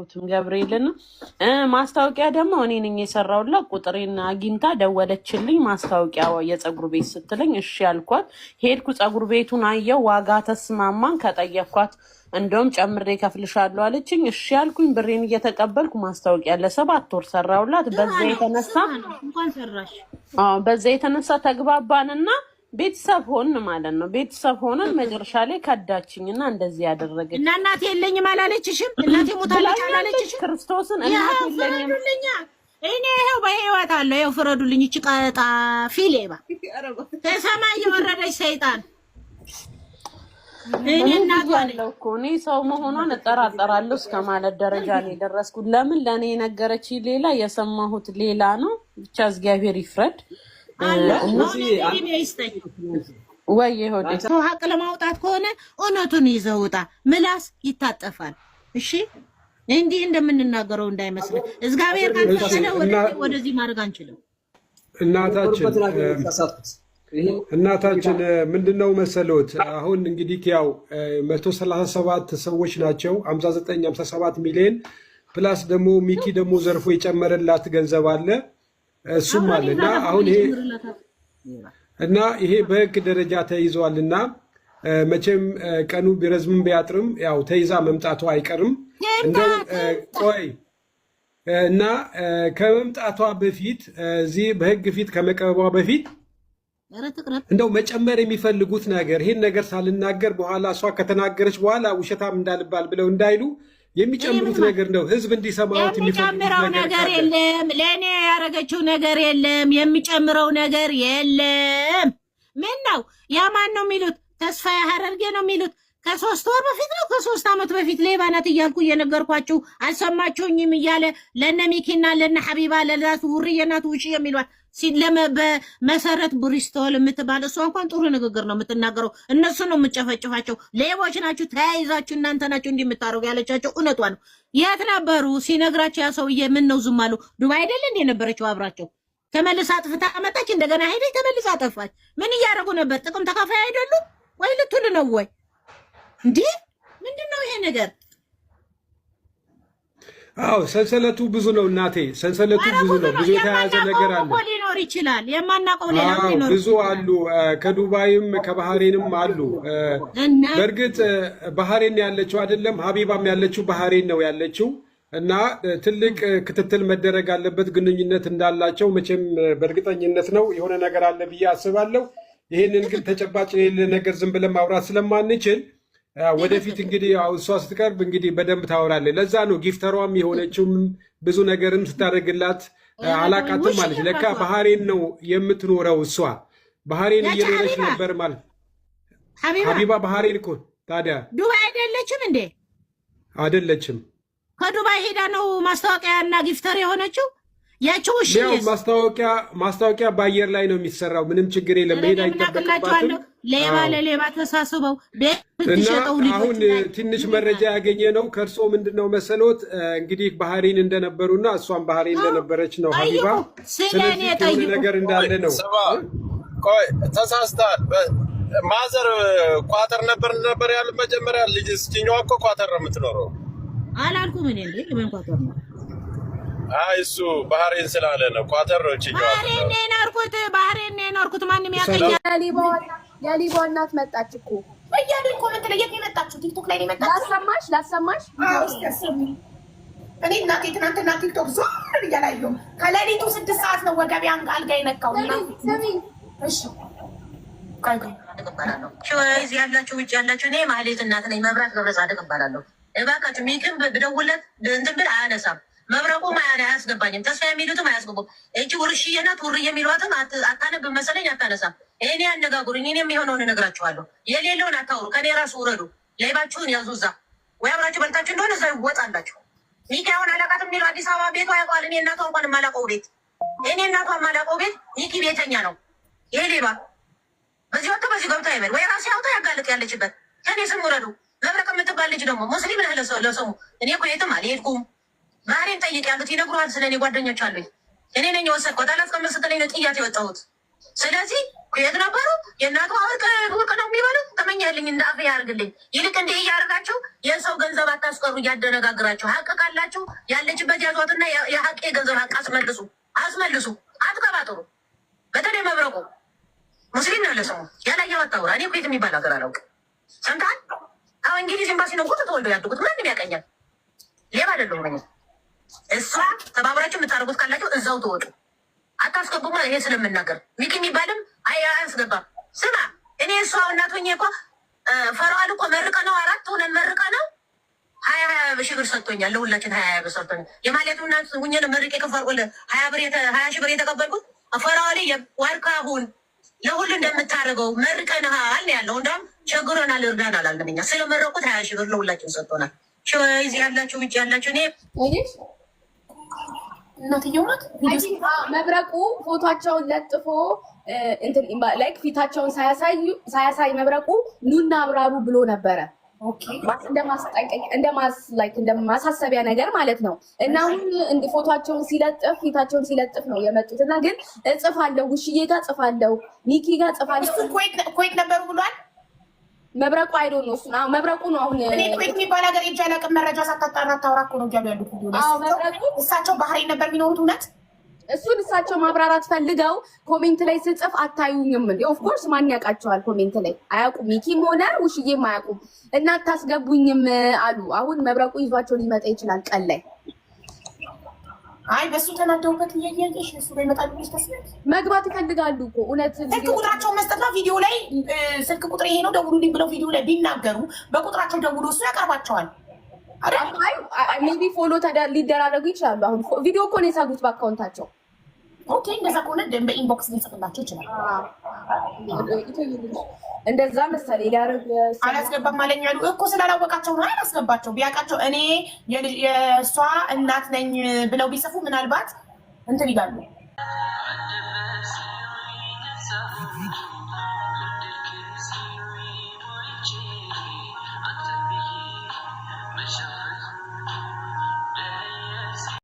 አልሰራሁትም ገብርኤልን ማስታወቂያ ደግሞ እኔ ነኝ የሰራሁላት። ቁጥሬን አግኝታ ደወለችልኝ። ማስታወቂያ የፀጉር ቤት ስትለኝ እሺ ያልኳት። ሄድኩ ፀጉር ቤቱን አየው፣ ዋጋ ተስማማን። ከጠየኳት እንደውም ጨምሬ ከፍልሻለሁ አለችኝ። እሺ ያልኩኝ፣ ብሬን እየተቀበልኩ ማስታወቂያ ለሰባት ወር ሰራሁላት። በዛ የተነሳ በዛ የተነሳ ተግባባንና ቤተሰብ ሆን ማለት ነው። ቤተሰብ ሆነን መጨረሻ ላይ ከዳችኝ እና እንደዚህ ያደረገ እና እናት የለኝም አላለችሽም? እናቴ ሞታለች አላለችሽም? ክርስቶስን ፍረዱልኛ፣ እኔ ይኸው በህይወት አለ ይኸው ፍረዱልኝ። እች ቀጣ ፊሌባ ከሰማይ የወረደች ሰይጣን እኔ እኔ ሰው መሆኗን እጠራጠራለሁ እስከ ማለት ደረጃ ነው የደረስኩት። ለምን ለእኔ የነገረች ሌላ የሰማሁት ሌላ ነው። ብቻ እግዚአብሔር ይፍረድ። ወይ ሀቅ ለማውጣት ከሆነ እውነቱን ይዘውጣ። ምላስ ይታጠፋል። እሺ እንዲህ እንደምንናገረው እንዳይመስለን። እግዚአብሔር ካልፈቀደ ወደዚህ ማድረግ አንችልም። እናታችን እናታችን ምንድን ነው መሰሎት? አሁን እንግዲህ ያው መቶ ሰዎች ናቸው። ሀምሳ ዘጠኝ ሚሊዮን ፕላስ ደግሞ ሚኪ ደግሞ ዘርፎ የጨመረላት ገንዘብ አለ እሱም አለ አሁን ይሄ እና ይሄ በህግ ደረጃ ተይዟል መቼም ቀኑ ቢረዝምም ቢያጥርም ያው ተይዛ መምጣቷ አይቀርም። እንደው ቆይ እና ከመምጣቷ በፊት እዚህ በህግ ፊት ከመቀበቧ በፊት እንደው መጨመር የሚፈልጉት ነገር ይህን ነገር ሳልናገር በኋላ እሷ ከተናገረች በኋላ ውሸታም እንዳልባል ብለው እንዳይሉ የሚጨምሩት ነገር ነው። ህዝብ እንዲሰማት የሚጨምረው ነገር የለም። ለእኔ ያደረገችው ነገር የለም። የሚጨምረው ነገር የለም። ምን ነው ያማን ነው የሚሉት? ተስፋዬ ሀረርጌ ነው የሚሉት ከሶስት ወር በፊት ነው ከሶስት ዓመት በፊት ሌባ ናት እያልኩ እየነገርኳችሁ አልሰማችሁኝም እያለ ለነ ሚኪና ለነ ሐቢባ ለላት ውርየናት ውጪ የሚሏት መሰረት ብሪስቶል የምትባል እሷ እንኳን ጥሩ ንግግር ነው የምትናገረው። እነሱ ነው የምጨፈጭፋቸው። ሌቦች ናችሁ፣ ተያይዛችሁ እናንተ ናችሁ እንዲህ የምታደርጉ ያለቻቸው እውነቷ ነው። የት ነበሩ ሲነግራቸው ያ ሰውዬ ምን ነው ዝም አሉ? ዱባይ አይደል እንዲ የነበረችው አብራቸው ተመልሳ አጥፍታ አመጣች። እንደገና ሄደች፣ ተመልሳ አጠፋች። ምን እያደረጉ ነበር? ጥቅም ተካፋይ አይደሉም ወይ? ልትሉ ነው ወይ? እንዴ ምንድን ነው ይሄ ነገር? አዎ ሰንሰለቱ ብዙ ነው እናቴ፣ ሰንሰለቱ ብዙ ነው። ብዙ የተያያዘ ነገር አለ፣ ሊኖር ይችላል። የማናውቀው ሌላ ሊኖር ብዙ አሉ። ከዱባይም ከባህሬንም አሉ። በእርግጥ ባህሬን ያለችው አይደለም፣ ሀቢባም ያለችው ባህሬን ነው ያለችው እና ትልቅ ክትትል መደረግ አለበት። ግንኙነት እንዳላቸው መቼም በእርግጠኝነት ነው። የሆነ ነገር አለ ብዬ አስባለሁ። ይህንን ግን ተጨባጭ የሌለ ነገር ዝም ብለን ማውራት ስለማንችል ወደፊት እንግዲህ እሷ ስትቀርብ እንግዲህ በደንብ ታወራለች። ለዛ ነው ጊፍተሯም የሆነችውም ብዙ ነገርም ስታደርግላት አላቃትም ማለት ለካ ባህሬን ነው የምትኖረው። እሷ ባህሬን እየኖረች ነበር ማለት ሀቢባ ባህሬን እኮ ታዲያ ዱባይ አይደለችም እንዴ? አይደለችም። ከዱባይ ሄዳ ነው ማስታወቂያና ጊፍተር የሆነችው። እሺ፣ ያው ማስታወቂያ ማስታወቂያ በአየር ላይ ነው የሚሰራው። ምንም ችግር የለም። ሄዳ ይጠበቅባትም። ሌባ ለሌባ ተሳስበው አሁን ትንሽ መረጃ ያገኘ ነው ከእርስዎ ምንድን ነው መሰሎት እንግዲህ ባህሪን እንደነበሩና እሷም ባህሪን እንደነበረች ነው። ሀቢባ ስለኔ ስለዚህ ነገር እንዳለ ነው። ቆይ ተሳስተሃል። ማዘር ኳተር ነበር ነበር ያሉ መጀመሪያ ልጅ ስኪኛዋ እኮ ኳተር ነው የምትኖረው አላልኩም እኔ እንዴ ኳተር ነው እሱ ባህሬን ስላለ ነው። ኳተር ነው። ባህሬን ነው የኖርኩት፣ ባህሬን ነው የኖርኩት። ማንም ያቀኛል። የሊቦ እናት መጣች እኮ በያደ ኮመንት ላይ የት የመጣችሁ? ቲክቶክ ላይ የመጣችሁ ላሰማሽ፣ ላሰማሽ። እኔ እናቴ ትናንትና ቲክቶክ ዞር እያላየሁ ከሌሊቱ ስድስት ሰዓት ነው ወገቤ አልጋ የነካው። እዚህ ያላችሁ ውጭ ያላችሁ፣ እኔ ማህሌት እናት ነኝ። መብራት እባላለሁ። እባካችሁ ብደውለት እንትን ብል አያነሳም መብረቁም አያስገባኝም። ተስፋ የሚሉትም አያስገቡም። እጅ ውርሽዬ ናት የሚሏትም አታነብም መሰለኝ፣ አታነሳም። እኔ አነጋግሩኝ፣ እኔም የሆነውን እነግራችኋለሁ። የሌለውን አታውሩ፣ ከኔ ራሱ ውረዱ። ሌባችሁን ያዙ። እዛ ወይ አብራችሁ በልታችሁ እንደሆነ እዛ ይወጣላችሁ። ሚኪ አሁን አላቃት የሚለው አዲስ አበባ ቤቷ ያውቀዋል። እኔ እናቷ እንኳን የማላውቀው ቤት እኔ እናቷ የማላውቀው ቤት ኒኪ ቤተኛ ነው። ይሄ ሌባ በዚህ ወጥቶ በዚህ ገብቶ አይበል ወይ ራሱ ያውጣ፣ ያጋልጥ ያለችበት ከኔ ስም ውረዱ። መብረቅ የምትባል ልጅ ደግሞ ሙስሊም ለሰሙ እኔ እኮ የትም አልሄድኩም ባህሬን ጠይቅ ያሉት ይነግሯል። ስለ እኔ ጓደኞች አሉኝ። እኔ ነኝ የወሰድከው ታላስቀምጥ ስትለኝ ነው ጥያት የወጣሁት። ስለዚህ የት ነበሩ? የእናቱ ወርቅ ወርቅ ነው የሚበሉት። ተመኛልኝ እንደ አፍ ያርግልኝ። ይልቅ እንዲህ እያደረጋችሁ የሰው ገንዘብ አታስቀሩ፣ እያደነጋግራችሁ። ሀቅ ካላችሁ ያለችበት ያዟትና የሀቅ የገንዘብ ሀቅ አስመልሱ፣ አስመልሱ። አትቀባጥሩ። በተለይ መብረቁ ሙስሊም ነው ለሰሙ ያላየ አታውራ። እኔ ኩዌት የሚባል ሀገር አላውቅ። ሰምተሃል? አሁ እንግሊዝ ኤምባሲ ነው ቁጥ ተወልዶ ያድጉት ምንም ያቀኛል ሌባ አደለሁ እሷ ተባብራችሁ የምታደርጉት ካላችሁ እዛው ትወጡ። አታስገቡም። ይሄ ስለምናገር ሚኪ የሚባልም አይ አያስገባም። ስማ እኔ እሷ እናት ሆኜ እኮ ፈርዖን እኮ መርቀ ነው አራት ሆነን መርቀ ነው ሀያ ሀያ ሺህ ብር ሰጥቶኛል። ለሁላችን ሀያ ሀያ ብር ሰጥቶኛል። የማለት እናት ሆኜ ነው መርቄ ከፈርዖን ሀያ ብር ሀያ ሺህ ብር የተቀበልኩት ፈርዖን ዋርካሁን ለሁሉ እንደምታደርገው መርቀንሃል ያለው እንዳውም ቸግሮናል፣ እርዳን አላልንም እኛ ስለመረቁት ሀያ ሺህ ብር ለሁላችን ሰጥቶናል። ዚ ያላችሁ ውጭ ያላችሁ እኔ እናትየው መብረቁ ፎቷቸውን ለጥፎ ላይክ ፊታቸውን ሳያሳይ መብረቁ ኑና አብራሩ ብሎ ነበረ እንደማሳሰቢያ ነገር ማለት ነው። እና አሁን ፎቷቸውን ሲለጥፍ ፊታቸውን ሲለጥፍ ነው የመጡት። እና ግን እጽፋለሁ፣ ውሽዬ ጋር እጽፋለሁ፣ ሚኪ ጋር እጽፋለሁ። ኮይት ነበሩ ብሏል። መብረቁ አይዶ ነው እሱ መብረቁ ነው። አሁን እኔ የሚባል ሀገር ሄጄ አላውቅም። መረጃ ሳታጣራ ታውራ እኮ ነው እያሉ ያሉት እሳቸው ባህሪ ነበር የሚኖሩት። እውነት እሱን እሳቸው ማብራራት ፈልገው ኮሜንት ላይ ስጽፍ አታዩኝም? ኦፍኮርስ ማን ያውቃቸዋል? ኮሜንት ላይ አያውቁም። ሚኪም ሆነ ውሽዬም አያውቁም። እና አታስገቡኝም አሉ። አሁን መብረቁ ይዟቸው ሊመጣ ይችላል ቀን ላይ አይ በሱ ተናደውበት እያያየሽ እሱ ላይ መጣ ተስለት መግባት ይፈልጋሉ እኮ እውነት። ስልክ ቁጥራቸውን መስጠት ቪዲዮ ላይ ስልክ ቁጥር ይሄ ነው ደውሉልኝ ብለው ቪዲዮ ላይ ቢናገሩ በቁጥራቸው ደውሎ እሱ ያቀርባቸዋል። ሜቢ ፎሎ ሊደራረጉ ይችላሉ። አሁን ቪዲዮ እኮ ነው የሳጉት በአካውንታቸው። ኦኬ እንደዛ ከሆነ በኢንቦክስ ሊጽፍላቸው ይችላል። እንደዛ መሰለኝ ሊያደርግ አላስገባም አለኝ አሉ እኮ ስላላወቃቸው ነው። አላስገባቸው ቢያውቃቸው እኔ የእሷ እናት ነኝ ብለው ቢጽፉ ምናልባት እንትን ይላሉ።